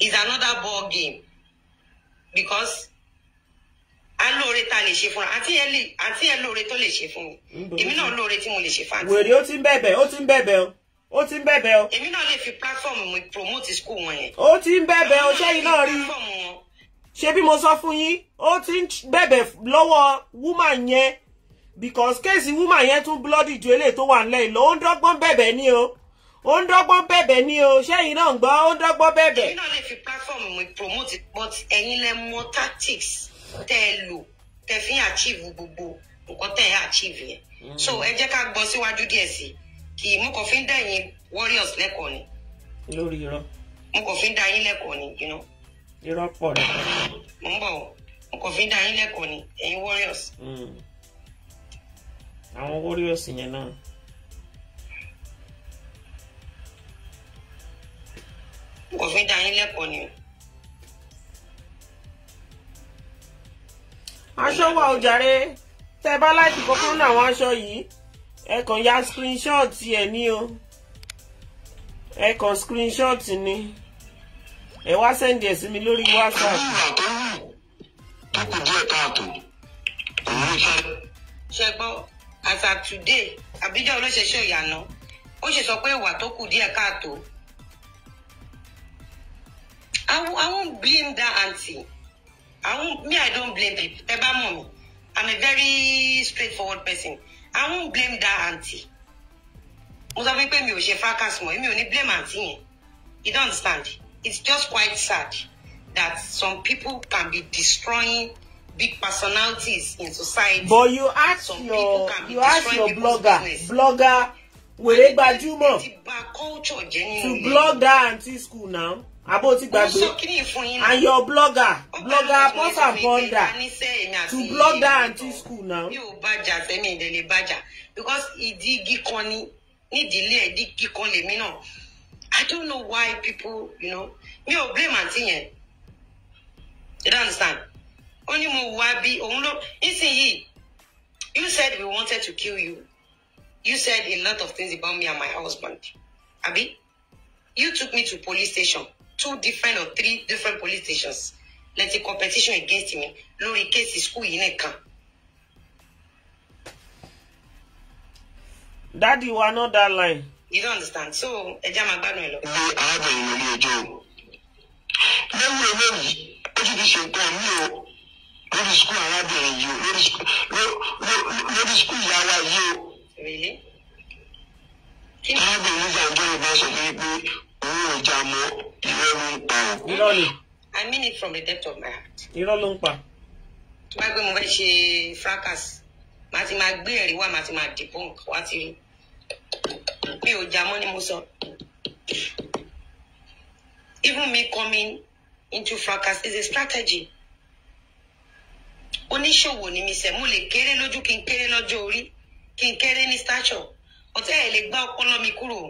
is another ball game because a lóore ta lè ṣe fúnra àti ẹ lè àti ẹ lóore tó lè ṣe fún mi èmi náà lóore tí mo lè ṣe fáńtì. wèrè ó ti ń bẹ̀bẹ̀ ó ti ń bẹ̀bẹ̀ o ó ti ń bẹ̀bẹ̀ o. èmi náà lè fi platform mi promote school wọn yẹn. ó ti ń bẹ̀bẹ̀ o ṣẹ́yìn náà rí ṣé bí mo sọ fún yín ó ti ń bẹ̀bẹ̀ lọ́wọ́ woman yẹn because kéèsì woman yẹn tún bloody ju eléyìí tó wà nílẹ̀ ìlò ó ń dọ́gbọ́n bẹ̀bẹ̀ ni o ó ń dọ́gbọ́n bẹ̀bẹ̀ ni o ṣẹ́yìn náà ń gbọ́ ó ń dọ́gbọ́n bẹ̀bẹ̀. ẹ̀yin náà lè fi platform mi promote but ẹ̀yin lẹ mọ tactics tẹ́ ẹ lò tẹ́ fi ń achieve gbogbo nǹkan tẹ́ ẹ achieve yẹn hmm. so ẹ jẹ́ ká gbọ́ síwájú díẹ̀ sí kì í mú kàn fi ń dá ẹ̀yin warriors lẹ́kọ̀ọ́ ni. lórí irọ́. mo kàn fi ń dá yín lẹ́kọ̀ọ́ ni you know. irọ́ pọ̀ rẹ̀. mo ń bọ̀ mo kàn fi ń dá yín lẹ́kọ̀ọ́ ni ẹ̀yin warriors. Hmm. àwọn warriors yẹn náà. kò fi dá yín lẹ́kọ̀ọ́ ni. aṣọ wa ò jàre tẹ bá láti kọ́kọ́ ní àwọn aṣọ yìí ẹ kàn ya screenshot ẹ ní o ẹ kàn screenshot ni ẹ wá sẹ́ndì ẹ̀ sí mi lórí whatsapp. ṣẹgbọ́n as at today Abidjan olóṣèṣẹ́ ìyànà ó ṣe sọ pé ìwà tó kù díẹ̀ káàtó I, I won't blame that auntie. I won't, me, I don't blame people. Teba mommy. I'm a very straightforward person. I won't blame that auntie. Musa, sọ pé mi ò ṣe fracas mọ́, èmi ò ní blame auntie yẹn. You don't understand? It's just quite sad that some people can be destroying big personalities in society. But you ask some your, you ask your blogger, business. blogger, wèrè gbajúmọ̀ to blog that auntie school now abo ti gbàgbé and your blogger blogger pause and ponder to blogger and to school now. mi ò bàjà sẹ́mi ìdẹ̀lẹ̀ bàjà because ìdí igi kan ni nídìílé ẹ̀dí igi kan lèmi náà i don't know why people you know mi ò blame àǹtí yẹn you don't understand ó ní mo wá bí òun ló nísìnyí you said we wanted to kill you you said a lot of things about me and my husband abi you took me to police station two different or three different police stations Let the competition against mi lórí kéèsì school yìí nìkan. dádì wa not that line. you don't understand so ẹja máa gbádùn ẹ lọ. ní arábìnrin lórí ẹjọ́ lẹ́wù eléyìí ó sì ti ṣe nǹkan mi o lórí school arábìnrin yìí o lórí school ìyá wa yìí o. arábìnrin nígbà tó ń bá sọ fún mi pé owó ọjà mọ irọ́ ló ń pa o. irọ́ ni. I mean it from the depth of my heart. irọ́ ló ń pa. tó bá gbé mo fẹ́ ṣe fracas màá ti máa gbé ẹ̀rí wá màá ti máa debunk wá ti rí mi ò jà mọ́ ni mo sọ. even me coming into fracas is a strategy oníṣòwò ni mi sẹ mo lè kéré lójú kí n kéré lọ́jọ́ orí kí n kéré ní stature ọtẹ ẹ lè gbá ọpọlọ mi kúrò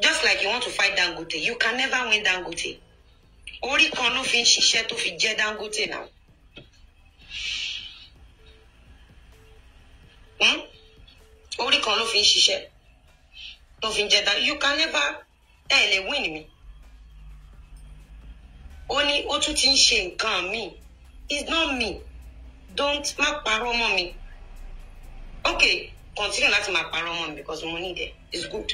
just like you want to fight Dangote you can never win Dangote orí kan ló fi ń ṣiṣẹ́ tó fi jẹ́ Dangote náà. Hmm? orí kan ló fi ń ṣiṣẹ́ tó fi ń jẹ́ Dangote you can never ẹ lè win mi. ó ní ó tún ti ń ṣe nǹkan mi it's not me don't má parọ́ mọ́ mi okay continue láti máa parọ́ mọ́ mi because mo need it it's good.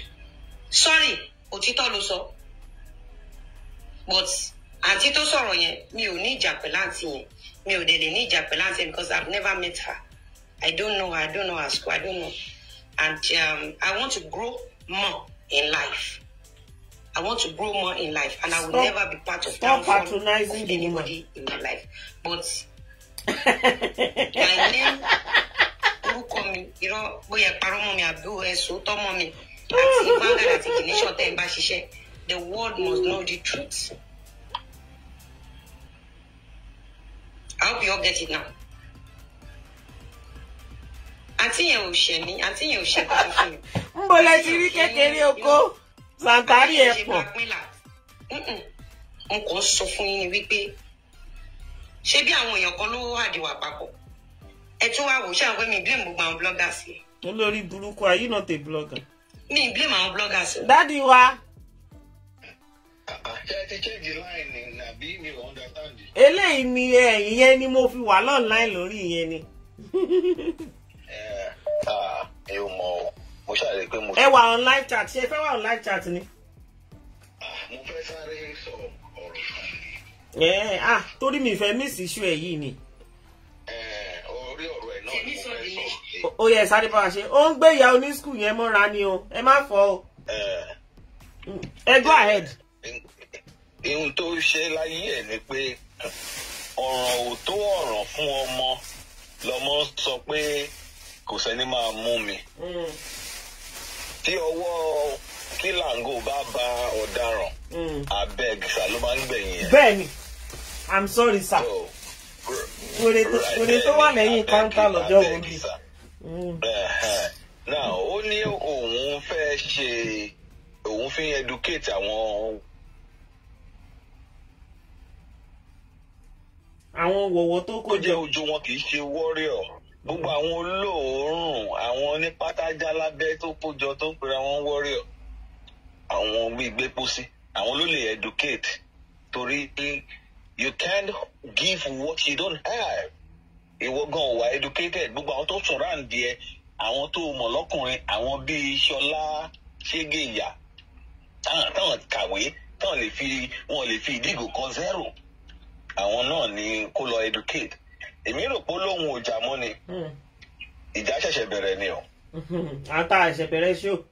sorry òtítọ́ ló sọ but àǹtí tó sọ̀rọ̀ yẹn mi ò ní ìjà pẹ̀lú àǹtí yẹn mi ò dẹ̀ lè ní ìjà pẹ̀lú àǹtí yẹn because I've never met her I don't know her I don't know her school I don't know and um, I want to grow more in life I want to grow more in life and I will stop, never be part of that patronizing of anybody in my life but my name orúkọ mi irọ́ bóyá parọ́ mọ́ mi So don't mọ́ me. the world must know the truth. I hope you all get it now. àǹtí yẹn ò ṣẹ̀ mí àǹtí yẹn ò ṣẹ̀ kọ́ fún mi. ń bo lẹ ti rí kékeré oko sàǹkárì ẹ̀ pọ̀. n kò sọ fún yín wípé ṣé bí àwọn èèyàn kan ló wádìí wà papọ̀ ẹ tún wá wò ó ṣàǹfẹ́ mi bí mo gba àwọn bloggers yẹn. olórí burúkú are you not a blogger mi blame àwọn bloggers. dádì wa. eléyìí ni ìyẹn ni mo fi wà lọ́ọ̀láì lórí ìyẹn ni. mi ò mọ o mo ṣàlẹ̀ pé mo. ẹ wà online chat ṣe fẹ́ wà online chat ni. mo fẹ́ sáré sọ ọ̀rọ̀ kan. ẹ ah torí mi fẹ́ miss issue ẹ yìí ni. orí ọ̀rọ̀ ẹ̀ náà ni mo fẹ́ sọ ó yẹ sáré bá wa ṣe ó ń gbé ìyá onískul yẹn mọ́ra ni o ẹ má fọ o eh. ẹ go ahead. Eh, ihun tó ṣe láyé ẹ̀ ni pé ọ̀ràn ò tó ọ̀ràn fún ọmọ lọ́mọ sọ pé kò sẹ́ni máa mú mi hmm. tí ọwọ́ kílàngó bá ba ọ̀daràn hmm. abeg sá ló máa ń gbẹ̀yìn ẹ̀. bẹ́ẹ̀ni i'm sorry sir. wèrè tó wà lẹ́yìn káńtà lọ́jọ́ wo ni. Mm. náà ó ní òun fẹ́ ṣe òun fi educate àwọn. àwọn wọ̀wọ́ tó kò jẹ́ ojú wọn kì í ṣe warrior gbogbo mm. àwọn olóòórùn àwọn onípátájá lábẹ́ tó kójọ tó ń pera wọn warrior àwọn gbígbé pósí àwọn ló lè educate torí you can't give what you don't have ìwọ gan ò educated gbogbo àwọn tó sọ̀rọ̀ àǹdí àwọn tó mọ̀ lọ́kùnrin àwọn bíi Ṣọlá Ṣégeyà táwọn kàwé táwọn lè fi wọn lè fi ìdígò kan zero àwọn náà ni kó lọ educate èmi rò pé lóhun ò jà mọ́ ni hmm. ìjà ṣẹ̀ṣẹ̀ bẹ̀rẹ̀ ni o. Hmm. ata ẹ̀ṣẹ̀ bẹ̀rẹ̀ ṣó.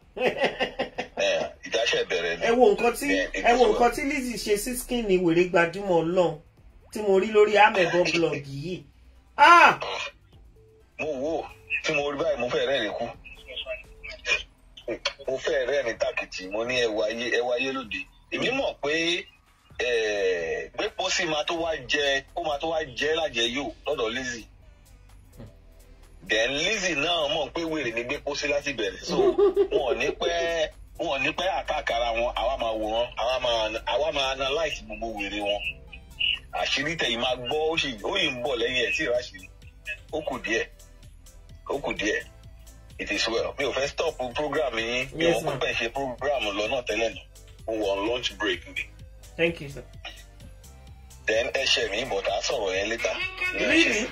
Eh, ìjà ṣẹ̀ bẹ̀rẹ̀ ni. ẹ wo nǹkan tí eh, ẹ wo nǹkan tí Lizzy ṣe sí skin ni wèrè gbajúmọ̀ ọlọ́run tí mo rí lórí amebo blog yìí mo ah! wò tí mo rí báyìí mo fẹ́ rẹ́rìn kú mo fẹ́ rẹ́rìn tàkìtì mo ní ẹwà ayé lòdì èmi mọ̀ pé pé pósí máa tó wá jẹ ó máa tó wá jẹ lájẹ yóò lọ́dọ̀ Lizzy then Lizzy náà mọ̀ pé wèrè ní gbé pósí láti bẹ̀rẹ̀ so wọn ò ní pẹ́ wọn ò ní pẹ́ àtàkàrà wọn àwa máa wò wọn àwa máa analyse gbogbo wèrè wọn àṣírí tẹ̀yìn máa gbọ́ ó sì ó ń bọ̀ lẹ́yìn ẹ̀ sí ìráṣírí ó kù díẹ̀ ó kù díẹ̀ it is well mi ò fẹ́ stop program yín mi ò pẹ́ ṣe program lọ náà tẹ́lẹ̀ nù mo wọ̀ lunch break mi. thank you sir. then ẹ ṣe mi but a sọ̀rọ̀ yẹn later. really.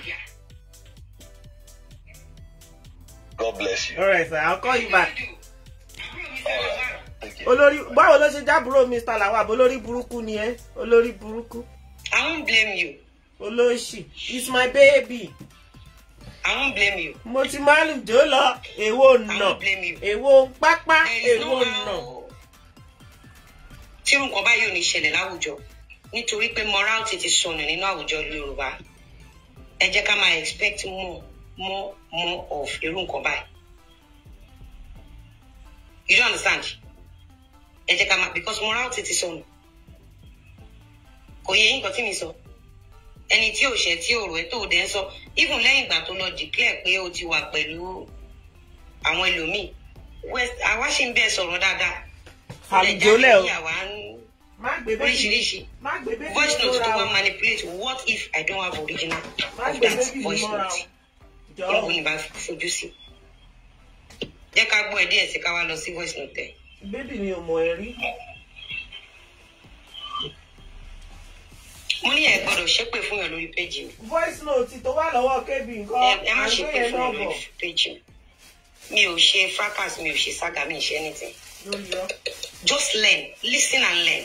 God bless you. all right sir I'll call you back. all right olórí báwo ló ṣe jábúrò Mr. Lawal olórí burúkú ni ẹ olórí burúkú. I won't blame you. Oloshi. it's my baby. I won't blame you. Motimalu mo ti máa lù jó lọ èwo nà èwo pápá èwo nà. Oh. tí nǹkan báyìí ò ni ṣẹlẹ̀ láwùjọ nítorí pé morality ti sọnù nínú àwùjọ Yorùbá ẹ jẹ́ ká máa expect more more more of irú nǹkan báyìí. you don't understand? ẹ jẹ́ ká máa because morality ti sọnù. So kò yẹ yín nǹkan tí mi sọ ẹni tí ò ṣẹ tí ò rò ẹ tó dẹ sọ even lẹ́yìn ìgbà tó lọ declare pé o ti wà pẹ̀lú àwọn ẹlòmíì west àwa bẹ sọ̀rọ̀ dáadáa àlùjọlẹ o oríṣiríṣi voice note tó máa manipulate what if I don't have original of that voice note olùkọ́ ni bá fojú sí jẹ́ ká gbọ́ ẹ̀ díẹ̀ sí ká wá lọ sí voice note ẹ̀. bébì mi ò mọ̀ ẹ́ rí. mo ní ẹ gbọ́dọ̀ ṣépè fún yàn lórí péjì mi. voice note tó wà lọ́wọ́ kébì nǹkan ẹ má ṣépè fún yàn lórí péjì mi ò ṣe fracas mi ò ṣe saga mi ò ṣe anything just learn listen and learn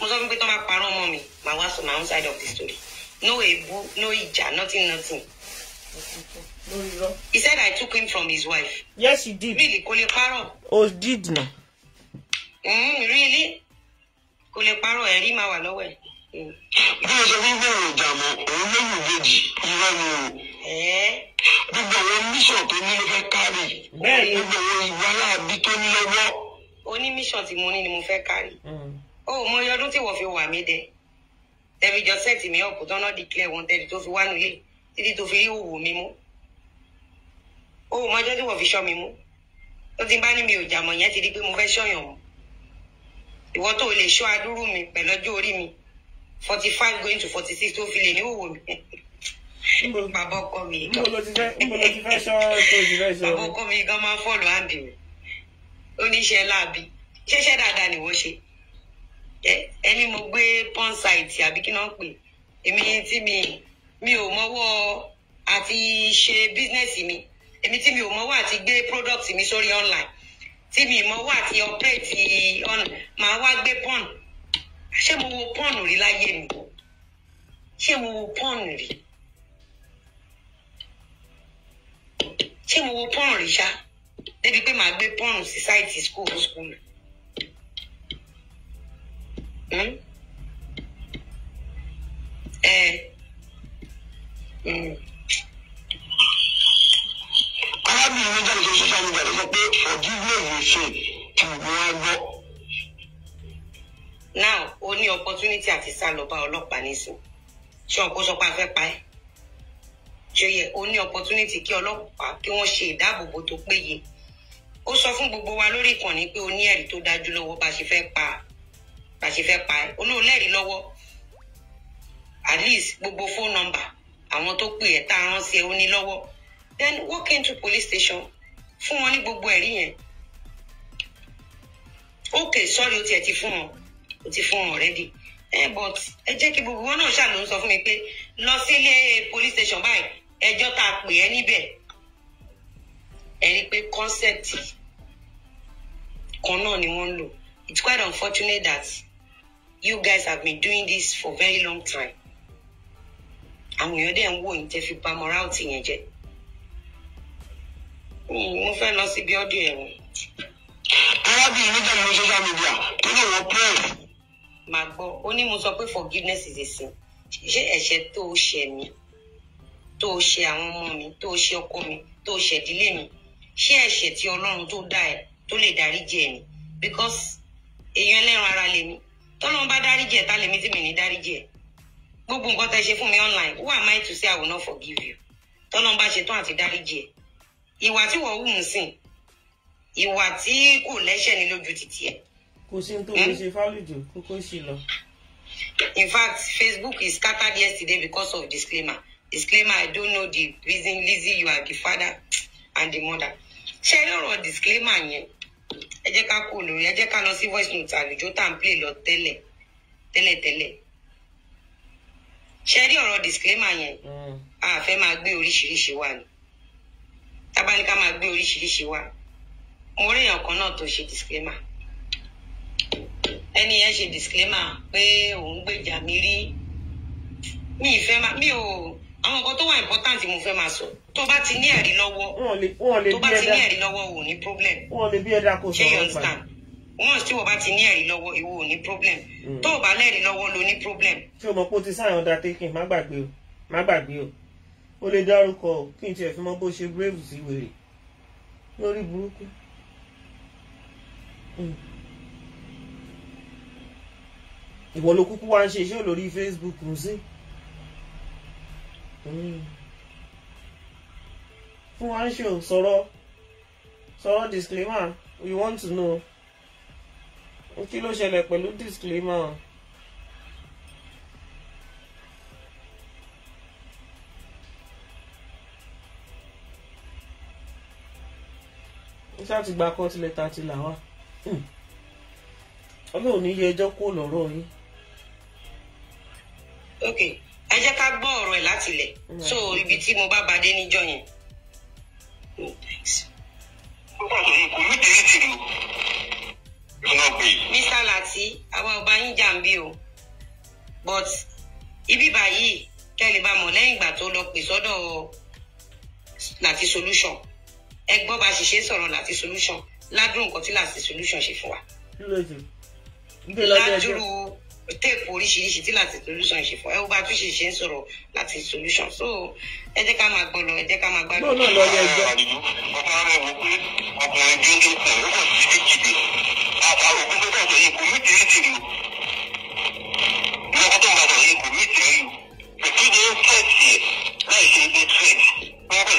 mo sọ fún pé tó máa parọ́ ọmọ mi màá wá sọ my own side of the story no ebu no ìjà nothing nothing. He said I took him from his wife. Yes, he did. Really, kò lè parọ́. Oh, did na. Mm, really? Kò lè parọ́ ẹ̀rí máa wà lọ́wọ́ ẹ̀ bí o sọ wípé èròjà mọ òun lóyún ìbejì irọ́ ni o gbogbo àwọn mission tó ní ló fẹ́ kárì gbogbo àwọn ìwáláàbí tó ní lọ́wọ́. oní mission tí mo ní ni mo fẹ́ kárì ó mọ iye ọdún tí wọ́n fi wà mí dẹ tẹbi jọ sẹ́ẹ̀tì mi ọ̀pọ̀ tọ́nà declare wọn tẹ́lẹ̀ tó fi wá nílé títí tó fi rí òwò mi mú ó mọ ọjọ́ tí wọ́n fi ṣọ́ mi mú tó ti bá ní mi ò jàmọ̀ yẹn ti di pé mo fẹ́ ṣọ́yàn mọ́ ìwọ tó lè ṣọ́ adúrú mi pẹ̀lọ́jọ́ orí mi forty five going to forty six tó fi lè ní òwò mi bàbá ọkọ mi gan bàbá ọkọ mi gan máa ń fọlù àǹdì mi oníṣẹ́ láàbí ṣẹṣẹ dáadáa ni wọ́n ṣe ẹni mo gbé pọn ṣáìtì àbí kí náà pè èmi tí mi mi ò mọwọ́ àti ṣe bísínẹsì mi èmi tí mi ò mọwọ́ àti gbé product mi sórí online tí mi mọwọ́ àti ọpẹẹtì online màá wá gbé pọn ṣé mo wo pọ́ọ̀nù rí láyé mi ṣé mo wo pọ́ọ̀nù rí ṣé mo wo pọ́ọ̀nù rí ṣá débi pé màá gbé pọ́ọ̀nù sí sáìtì skul skul. Hmm? ẹ hmm. arábìnrin jáde sórí social media ló sọ pé forgive me ṣe kí wọ́n á gbọ́ now o ní opportunity àti sá lọ bá ọlọ́pàá nísìn ṣé wọn kò sọ pé a fẹ́ pa ẹ́ ṣé yẹ o ní opportunity kí ọlọ́pàá kí wọ́n ṣe ìdáàbòbò tó péye ó sọ fún gbogbo wa lórí ìkànnì pé o ní ẹ̀rí tó dájú lọ́wọ́ bá ṣe fẹ́ pa bá ṣe fẹ́ pa ẹ́ olóòlẹ́rìí lọ́wọ́ at least gbogbo phone number àwọn tó pè ẹ́ tá a rán sí ẹ ó ní lọ́wọ́ then walk into police station fún wọn ní gbogbo ẹ̀rí yẹn ok sorry o tiẹ̀ ti fún wọn mo ti fún already ẹ eh, but ẹ jẹ́ kí gbogbo wọn náà ṣàlùú sọ fún mi pé lọ sílé police station báyìí ẹjọ́ tá a pè ẹ́ níbẹ̀ ẹ rí i pé concept kan náà ni wọ́n ń lò it's quite unfortunate that you guys have been doing this for very long time àwọn èèyàn dẹ̀ ń wò yín tẹ́ fi pa morality yẹn jẹ mo fẹ́ lọ síbi ọdún ẹ̀wọ̀n. arábìnrin nígbà mi ní social media tó ní wọn press máa gbọ́ ó ní mo sọ pé forgiveness is a sin ṣé ẹ̀ṣẹ̀ tó o ṣẹ̀ mí tó o ṣe àwọn ọmọ mi tó o ṣe ọkọ mi tó o ṣe ìdílé mi ṣé ẹ̀ṣẹ̀ tí Ọlọ́run tó dá ẹ tó lè dáríjì ẹ ni because èèyàn ẹlẹ́ran ara lèmi tọ́lọ́run bá dáríjì ẹ ta lèmi tí mi ní dáríjì ẹ gbogbo nǹkan tẹ́ ṣe fún mi online who am I to say I will not forgive you tọ́lọ́run bá ṣe tán àti dáríjì ẹ ìwà tí wọ́n hù ń sìn ìwà tí kò lẹ́ṣẹ̀ ní lójú títì ẹ̀ kò sí tó kò eh? ṣe fálùjù kó kó sì lọ. in fact facebook is scattered yesterday because of disclaimer disclaimer i don't know the reason Lizzy you are the father and the mother ṣé lọ́rọ̀ disclaimer yẹn ẹ jẹ́ ká kó lórí ẹ jẹ́ ká lọ sí voice note àlùjọ tá à ń play lọ tẹ́lẹ̀ tẹ́lẹ̀tẹ́lẹ̀ ṣe rí ọ̀rọ̀ disclaimer yẹn hmm. a fẹ́ máa gbé oríṣiríṣi wá ni tábánikà máa gbé oríṣiríṣi wá mo rí èèyàn kan náà tó ṣe disclaimer ẹni yẹn ṣe disclaimer pé òun gbèjà mi rí mi ìfẹ́ máa mi ò àwọn nǹkan tó wà important mo fẹ́ máa sọ tó bá ti ní ẹ̀rí lọ́wọ́ tó bá ti ní ẹ̀rí lọ́wọ́ ò ní problem ṣé you understand once tí wọ́n bá ti ní ẹ̀rí lọ́wọ́ ìwọ ò ní problem mm. tó o bá lẹ́rìí lọ́wọ́ ló ní problem. tí o mọ̀ pé o ti sign undertaking má gbàgbé o má gbàgbé o o lè dárúkọ o kí n tiẹ̀ fi mọ bó ṣe brave sí wèrè lórí burúkú. Mm ìwọ ló kúkú wá ń ṣe iṣẹ́ lórí Facebook sí fún wa ń ṣe sọ̀rọ̀ sọ̀rọ̀ disclaimer we want to know kí ló ṣẹlẹ̀ pẹ̀lú disclaimer. ṣáà ti gba court letter ti là wá hmm. ọlọ́run ní iye ẹjọ́ kó lọ́rọ̀ yín ok ẹ jẹ́ ká gbọ́ ọ̀rọ̀ ẹ̀ láti ilẹ̀ so ibi tí mo bá bàdé níjọ́ yẹn. Mr. Lati àwa ọba yín jà ń bí o but ibi báyìí kẹ́lẹ̀ bá mọ̀ lẹ́yìn ìgbà tó lọ pè sọ́dọ̀ Lati solution ẹ gbọ́ bá ṣe ṣe sọ̀rọ̀ Lati solution ládùn nǹkan tí Lati solution ṣe fún wa. ládùrú téèpù oríṣiríṣi tí láti solution ṣe fún ẹ wọ́n bá tún ṣe ṣe ń sọ̀rọ̀ láti solution so ẹ jẹ́ ká máa gbọ́ lọ ẹ jẹ́ ká máa gbádùn. náà lọ yẹ ẹjọ́. ọkọ rẹ wò pé tó o lọ́kọ́ tó ń bàtọ̀ yìí kò ní tèrí o kò kí ni sọ̀rọ̀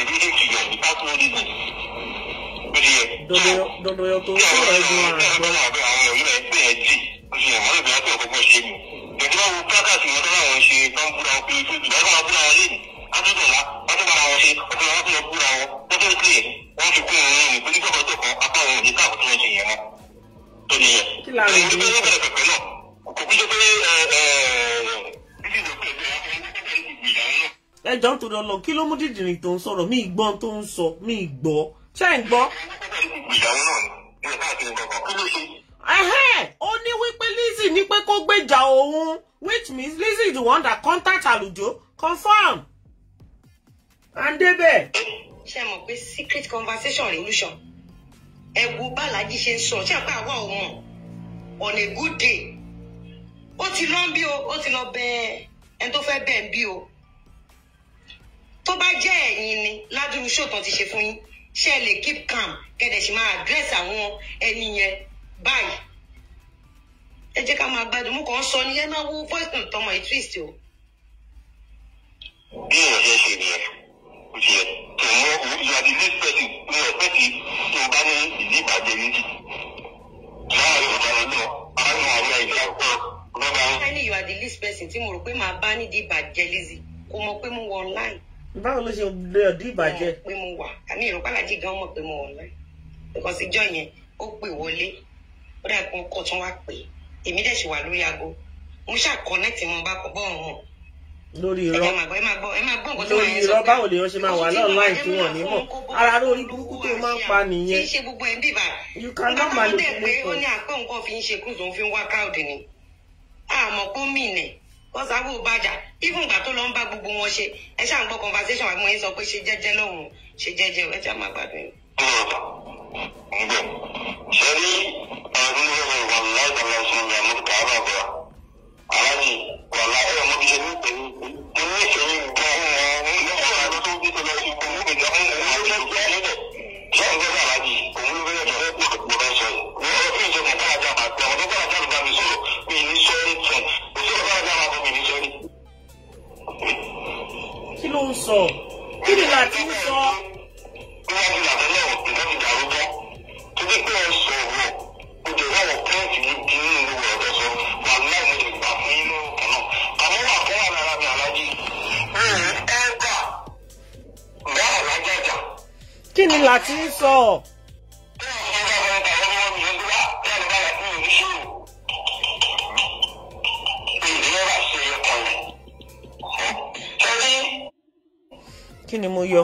ẹ̀gbọ́n rẹ̀ àwọn pẹ́kàtì yẹn tó láwọn ṣe tó ń búra ọkùnrin tó jù lọ́dún máa búra wọn léyìn ádùdọ̀lá wọ́n tó bára wọn ṣe ọkùnrin wọn tó lọ búra wọn tó tó ń pè wọ́n fi kún òun òun pé nígbàgbọ́ tó kan apá òun òní káàkó tó ń ṣe yẹn mọ́ tó nìyẹn. kí ló ń bẹ̀rẹ̀ pẹ̀pẹ̀ náà kò kí ló pé ẹ jọ nítorí ọlọ kí ló mú dídìrín tó ń sọ̀rọ̀ mí gbọ́n tó ń sọ mí gbọ́ ṣé ń gbọ́. ó ní wípé Lizzy ní pé kó gbèjà òun which means Lizzie is the one that contact Aludo, confirm and débẹ̀. ṣé mọ̀ secret conversation revolution ẹ wo bàlájì ṣe ń sọ ṣé àpá omo. on a good day ó ti lọ bí o ó ti lọ bẹ ẹni tó fẹ́ bẹ̀ ń bí o tó bá jẹ́ ẹ̀yin ni ládùúgbò ṣòtàn ti ṣe fún yín ṣé ẹ keep calm kẹ́dẹ̀ sì máa address àwọn ẹni yẹn ẹ jẹ́ ká máa gbádùn mú kàn sọ ni ẹ máa wo bọ́ìkùn tọmọ ẹ̀ twist o. bí èèyàn fẹ́ ṣe nìyẹn kò ṣe yẹ tẹ̀mọ́ òwúrọ̀ àti ilé ìpẹ́tì ní ọ̀pẹ́tì tó bá ní ìdí ìbàjẹ́ méjì. sáà yorùbá lọ náà àwọn àwọn ẹ̀yà pọ̀ rọ́bà. ẹni you are the least person tí mo rò pé màá bá nídìí ìbàjẹ́ Lizzy kò mọ̀ pé mo wọ online. báwo ló ṣe lè ọdí ìbàjẹ́. pé mo wà àmì ìrọ̀pálájì gan mọ̀ pé mo wọ online because ìjọ yẹn ó pè wọlé ó dà kó kó tún wá pè é èmi dẹ̀ ṣì wà lórí aago mo ṣáà connect mo bá bọ́ ọ̀run hàn. lórí irọ́ lórí irọ́ báwo lè ṣe máa wà lọ́nláìn tí wọ́n ní ara rẹ burúkú tó máa ń pa nìyẹn. kì í ṣe gbogbo ẹ̀ ń bíbà. you can not manipulate dẹ̀ pé ó ní àpé nǹkan fi ń ṣe cruise òun fi ń wá crowd ni àmọ́ kó mì nì kọ́sàbù bàjà even ìgbà tó lọ ń bá gbogbo wọn ṣe ẹ ṣáà ń gbọ́ conversation àmọ́ yín kí ni mo yọ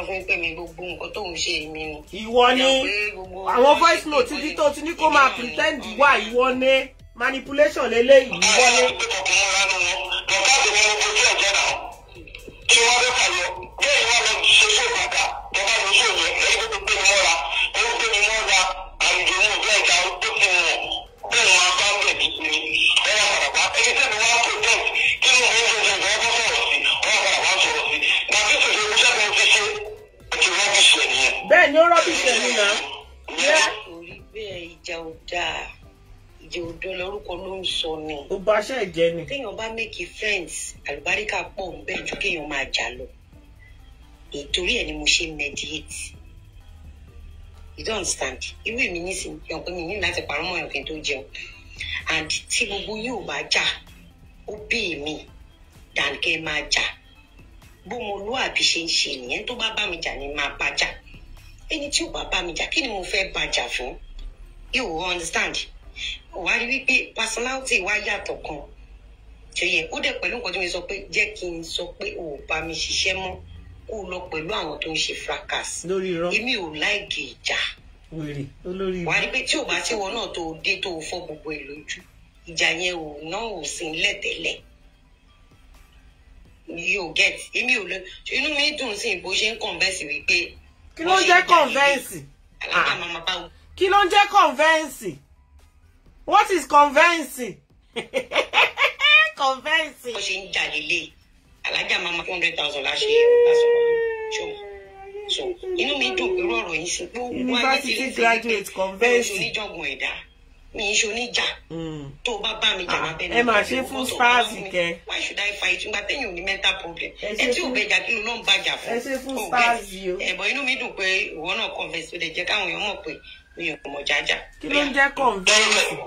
sọ fún mi pé mi gbogbo nǹkan tóun ṣe èmi ni. ìwọ ni àwọn voice note títí tó ti ní kó máa pretend wà ìwọ ni manipulation lélẹ́yìí ìwọ ni. kí wọ́n bẹ́ẹ̀ kàyọ̀ bẹ́ẹ̀ ni wọ́n lọ ṣe ṣé ìbàdàn tó bá lọ ṣe òye ẹ̀yìn tó gbé mi mọ́ra. baṣẹ́ ìjẹ́ ni. téèyàn bá make friends àlùbáríkà pọ̀ ń bẹ̀ ju kéèyàn máa jà lọ ìtorí ẹ̀ ni mo ṣe mediate you don't understand irú èmi nísìnyí ọ̀pẹ mi ní láti parọ́ mọ́ ẹ̀kẹ́ tó jẹun and tí gbogbo yóò bá jà ó bí mi dànkẹ́ máa jà bó mo lọ àbí ṣe ń ṣe nìyẹn tó bá bá mi jà ni máa bá jà ẹni tí ò bá bá mi jà kí ni mo fẹ́ bá jà fún you understand wà á rí wípé personality wa yàtọ̀ kan ṣe yẹ ó dẹ̀ pẹ̀lú nǹkan tí mo sọ pé jẹ́ kí n sọ pé ò bá mi ṣiṣẹ́ mọ́ kó o lọ pẹ̀lú àwọn tó ń ṣe fracas èmi ò láìkè ìjà wà á rí pé tí ò bá sí wọn náà tó o dé tó o fọ́ gbogbo ẹ̀ lójú ìjà yẹn ò náà ò sí nílẹ̀ tẹ́lẹ̀ you get èmi ò lọ inú mi dùn sí bó ṣe ń kọ̀ǹfẹ́sì wípé kí ló ń jẹ́ kọ̀ǹfẹ́sì kí ló ń jẹ́ kọ̀ǹfẹ́sì what is convincing? Convincing. Because in ń I like alájà mama ma hundred thousand That's all. so inú mi dùn pẹ̀lú ọ̀rọ̀ yìí sí pé wọ́n á ti lè graduate conveyancing oṣù níjọ̀gbọ̀n ẹ̀dá mi ń ṣoníjà hmm. tó o bá bá mi jà ah, máa bẹ́ẹ̀ ni mo fẹ́ fún stars kẹ. why should I fight nígbà téèyàn ní mental problem And you ò bẹ jà kí ló náà ń bàjà fún ọ bẹ ẹbọ inú mi dùn pé ìwọ náà converse ó lè jẹ káwọn èèyàn mọ̀ pé mi ò mọ̀ jájà. kí ló ń jẹ́ converse.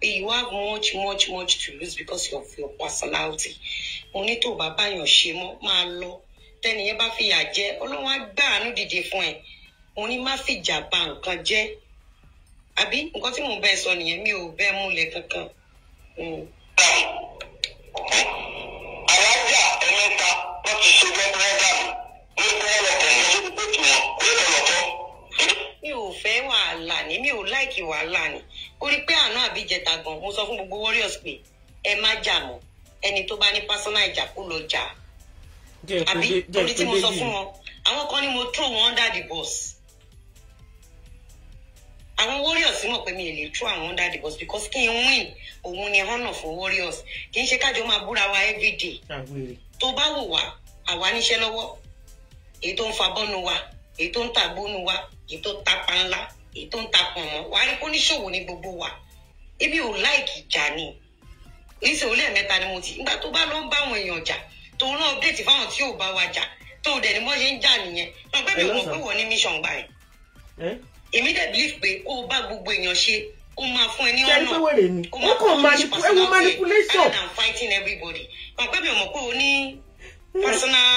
you have much much much to lose because of your personality mo ní tó bá báyàn ṣe mọ́ máa lọ tẹ́ni yẹn bá fìyà jẹ ọlọ́run á gbà àánú dìde fún ẹ mo ní má fìjà ba nǹkan jẹ́ àbí nǹkan tí mò ń bẹ sọ nìyẹn mi ò bẹ múlẹ̀ kankan. Hmm. alájà ẹ̀mẹ́ta wọ́n ti ṣe mẹ́tẹ́rẹ́dà mi ní kí wọ́n lọ tẹ̀lé ṣé kí wọ́n lọ tọ́. mi ò fẹ́ wàhálà ni mi ò láìkì wàhálà ni ó rí pé àná àbí ìjẹta gan mo sọ fún gbogbo warriors pé ẹ má jà mọ́ ẹni tó bá ní personal ìjà kó lọ jà àbí torí tí mo sọ fún wọn àwọn kan ni mo throw wọn under the bus àwọn warriors mọ̀ pé mi lè throw àwọn under the bus because kí n win òun ni honour for warriors kì í ṣe kájọ máa búra wa everyday tó bá wò wá àwa níṣẹ́ lọ́wọ́ èyí tó ń fa bọ́nu wa èyí tó ń tàgbónu wa èyí tó tapa ńlá tó ń takùn mọ́ wàá rí oníṣòwò ní gbogbo wa èmi ò láìkì ìjà ni níṣẹ́ olú ẹ̀mẹ́ta ni mo ti nígbà tó bá lọ ń bá àwọn èèyàn jà tó ń rán update fáwọn tí ò bá wa jà tó dẹ̀ ni wọ́n ṣe ń jà nìyẹn náà pẹ́ mi ò mọ̀ pé wọ́n ní mission gbà yẹn èmi dẹ̀ believe pé kó o bá gbogbo èèyàn ṣe kó máa fún ẹ ní ọ̀nà kó máa fún ẹ ní personal way rather than fighting everybody náà pẹ́ mi ò mọ̀ pé o ní personal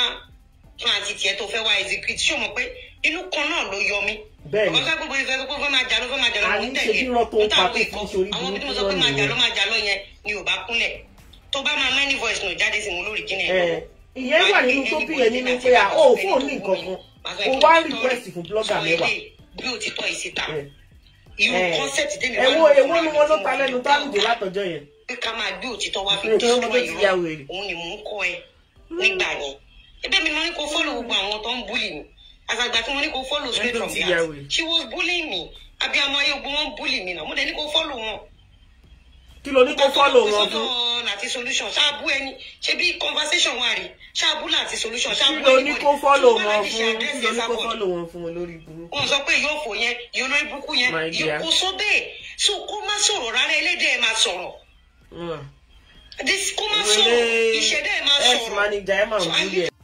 plan ti tiẹ̀ tó fẹ́ wá execute ṣé o mọ̀ pé inú kan náà ló yọ mí bẹ́ẹ̀ni ọmọ gbogbo ìfẹ́ gbogbo fẹ́ máa jalọ fẹ́ máa jalọ àwọn tẹlẹ níta àwọn ìkọ àwọn bí mo sọ pé máa jalọ máa jalọ yẹn ni ò bá kúnlẹ̀ tó bá máa mẹni voice náà jáde sí mo lórí kíni ẹ ìyẹn wà nínú tó bí yẹn nínú pé à ó fún òní nǹkan kan ó wá request fún blogger mẹ́wàá bí o ti tọ́ ìsìta irú concept tẹ́mi wá lórí èwo ni wọ́n ló ta lẹ́nu tálùdì látọjọ́ yẹn. pé ká máa gbé òtítọ́ wá fi destroy irọ́ òun ni mò ń kọ́ ẹ nígbà yẹn ẹgbẹ́ mi máa ń kó fọ́lọ̀ gbogbo àwọn tó ń búlì àgbàgbà tí mo ní kó fọ́lù straight from the house she was bullying me abiyamọ ayé ogun wọn bully mi náà mo dẹ̀ ní kó fọ́lù wọn. kí ló ní kó fọ́lù wọn fún. láti solution ṣáàbù ẹni ṣe bí conversation wa rí ṣáàbù láti solution ṣáàbù ẹni bọ̀dì. kí ló ní kó fọ́lù wọn fún kí ló ní kó fọ́lù wọn fún olórí burúkú. wọn sọ pé yóò fò yẹn yóò lórí burúkú yẹn yóò kó sọ bẹ́ẹ̀ so kó má sọ̀rọ̀ rárá ẹlẹ́dẹ̀ ẹ̀ máa sọ̀rọ̀ hmm. this kó má sọ̀rọ̀ ìṣẹ̀dá ẹ̀ máa sọ̀rọ̀